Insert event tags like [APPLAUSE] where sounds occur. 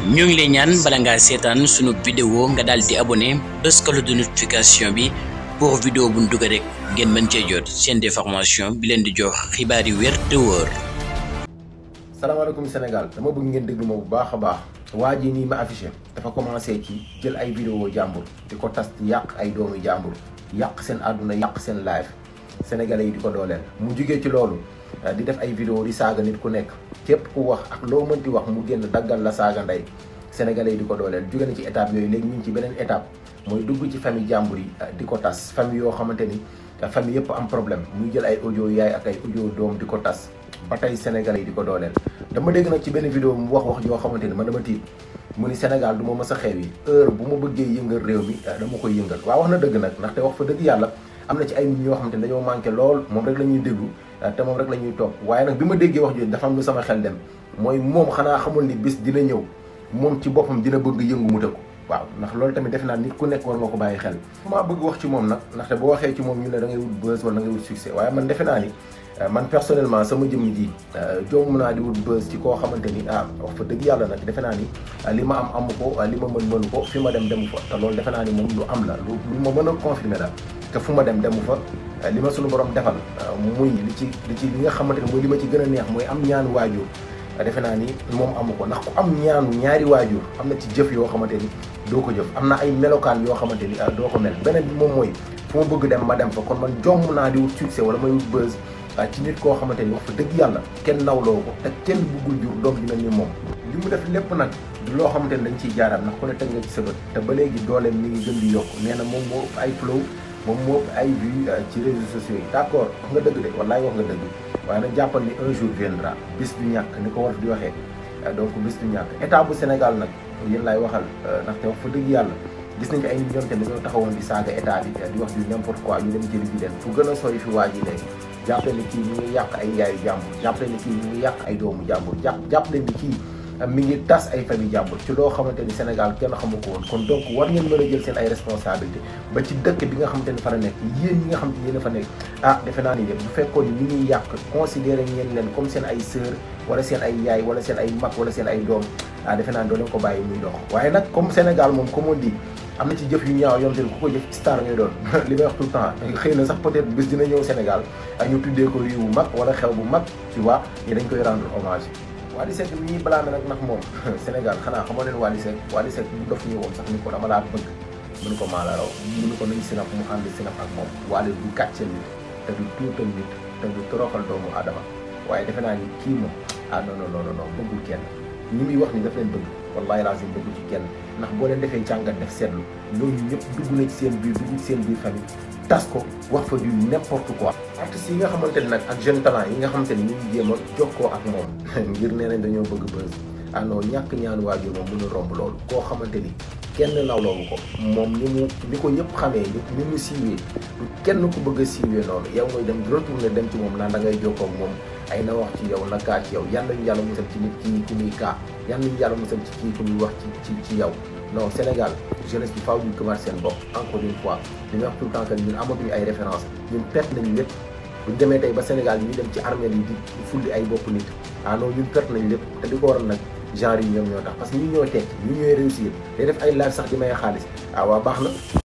ñu ngi lay ñaan bala ngaa seetaan sunu vidéo nga daal di abonné bës cloche de notification bi pour vidéo bu ñu dugg rek ngeen mën cee jot seen d'information bi leen di jox xibaar yu wér te wóor. salaamaaleykum Sénégal dama bëgg ngeen déglu ma bu baax a baax waa ji nii ma affiché dafa commencé ci jël ay vidéo jàmbur di ko tas yàq ay doomu jàmbur yàq seen àdduna yàq seen live sénégalais yi di ko dooleel mu jugee ci loolu. Eh, di def ay vidéo di saaga nit ku nekk képp ku wax ak loo mënti wax mu génn daggal la saaga ndey sénégalais yi di ko dooleel jóge na ci étape yooyu léegi ñu ngi ci beneen étape mooy dugg ci famille jàmbur yi eh, di ko tas famille yoo xamante ni eh, famille yëpp am problème muy jël ay audio yaay ak ay audio doom di ko tas ba tey sénégalais yi di ko dooleel dama dégg nag ci benn vidéo mu wax wax yoo xamante ni man dama tiit mu ni Sénégal du ma mës a xew yi heure bu ma bëggee yëngal réew mi dama koy yëngal waaw wax na dëgg nag ndaxte wax fa dëgg yàlla am na ci ay nit ñoo xamante ni dañoo manqué lool moom rek la ñuy déglu te moom rek la ñuy toog waaye nag bi ma déggee wax jooju dafa am lu sama xel dem mooy moom xanaa xamul ni bis dina ñëw moom ci boppam dina bëgg yëngu mu tëkku waaw ndax loolu tamit def naa nit ku nekk war ko bàyyi xel maa bëgg wax ci moom nag ndaxte boo waxee ci moom ñu ne da ngay wut buzz wala da ngay wut succès defe naa ni euh, man personnellement sama jëmm ji euh, joomu naa di wut buzz ci koo xamante ni ah wax fa dëgg yàlla nag defe naa ni euh, li ma am amu ko li ma mën mënu ko fi ma dem demu ko te loolu defe naa ni moom lu am la lu ma mën a confirmer daal te fu ma dem demu fa euh, li ma sunu borom defal euh, muy li ci li ci li nga xamante ne mooy li ma ci gën a neex mooy am ñaanu waajur euh, defe naa ni moom amu ko ndax ku am ñaanu ñaari waajur am na ci jëf yoo xamante ni doo ko jëf am na ay melokaan yoo xamante ni doo ko mel beneen bi moom mooy fu bëgg dem ma dem fa kon man jomm naa di wut succès wala may wut buzz ci nit koo xamante ni dëgg yàlla kenn nawloo ko te kenn bëggul jur doom bi mel ni moom li mu def lépp nag du loo xamante ni dañ ciy jaaraam ndax ku ne teg nga ci te ba léegi mi ngi gën di yokk nee na moom moo ay flow moom moo ay vues euh, ci réseaux sociaux yi d' accord wax nga dëgg de wallaay wax nga dëgg waaye nag jàppal ni un jour viendra bis du ñàkk ni ko war di waxee euh, donc bis du ñàkk bu Sénégal nag yéen laay waxal euh, ndaxte wax fa dëgg yàlla gis nañu ay nit ñoom tamit dañoo taxawoon di saaga état bi di wax du n'importe quoi ñu dem jëli bi fu gën a sori fi waa ji léegi jàppale ni kii ñu ngi yàq ay yaayu jàmbur jàppale ni kii ñu ngi yàq ay doomu jàmbur jàpp jàppale ni kii mi ngi tas ay famille jàmbur ci loo xamante ni Sénégal kenn xamu ko woon kon donc war ngeen mën a jël seen ay responsabilité ba ci dëkk bi nga xamante ni fa la nekk yéen ñi nga xamante ni yéen a fa nekk ah defe naa ni de bu fekkoon ni li ñuy yàq considéré ngeen leen comme seen ay sœur wala seen ay yaay wala seen ay mag wala seen ay doom ah defe naa doo leen ko bàyyi muy dox waaye nag comme Sénégal moom comme on dit am na ci jëf yu ñaaw yomte ku ko jëf star [LAUGHS] li may wax tout le temps xëy na sax peut-être bis dina ñëw ah ñu tuddee ko réew bu wala xew bu mag tu vois ñu koy rendre hommage Wally Seck bi balaa blâmer nag ndax moom [LAUGHS] Sénégal xanaa xamoo leen Wally Seck Wally Seck bu dof ñu woon sax ni ko dama laa bëgg mënu ko maa la raw ko nañ sinap mu ànd sinap ak moom Wally du gàcceel nit te du tuutal nit te du toroxal doomu aadama waaye defe naa ni kii moom ah non non non non bëggul kenn ñi muy wax ni daf leen bëgg wallahi lazim bëgg ci kenn ndax boo leen defee jàngat def seetlu ñooñu ñëpp dugg na ci seen biir dugg ci seen biir famille tas ko wax fa du n'importe quoi artistes yi nga xamante ne nag ak jeune yi nga xamante ne ñu ngi jéem a ko ak moom [LAUGHS] ngir nee nañ dañoo bëgg bës anoo ah ñàkk ñaan waajur moom mënul romb loolu koo xamante ni kenn nawloowu ko moom ni mu ni ko ñëpp xamee ni mu siiwee du kenn ku bëgg a siiwee noonu yaw ngay dem retourné dem ci moom naan da ngay jokkoo ak moom ay na wax ci yow na kaa ci yow yal nañu yàlla musal ci nit ki ku muy kaa yal nañu yàlla musal ci kii ku wax ci ci yow non Sénégal jeunesse bi faaw ñu commencé bopp encore une fois li tout le temps demee tey ba Sénégal ñu dem ci armée yi di fulli ay bopp nit ah non ñun perte nañu lépp te di ko waral nag genre yi ñoom ñoo tax parce que ñu ñooy tekki ñu ñëwee réussir day def ay live sax di may xaalis ah waa baax na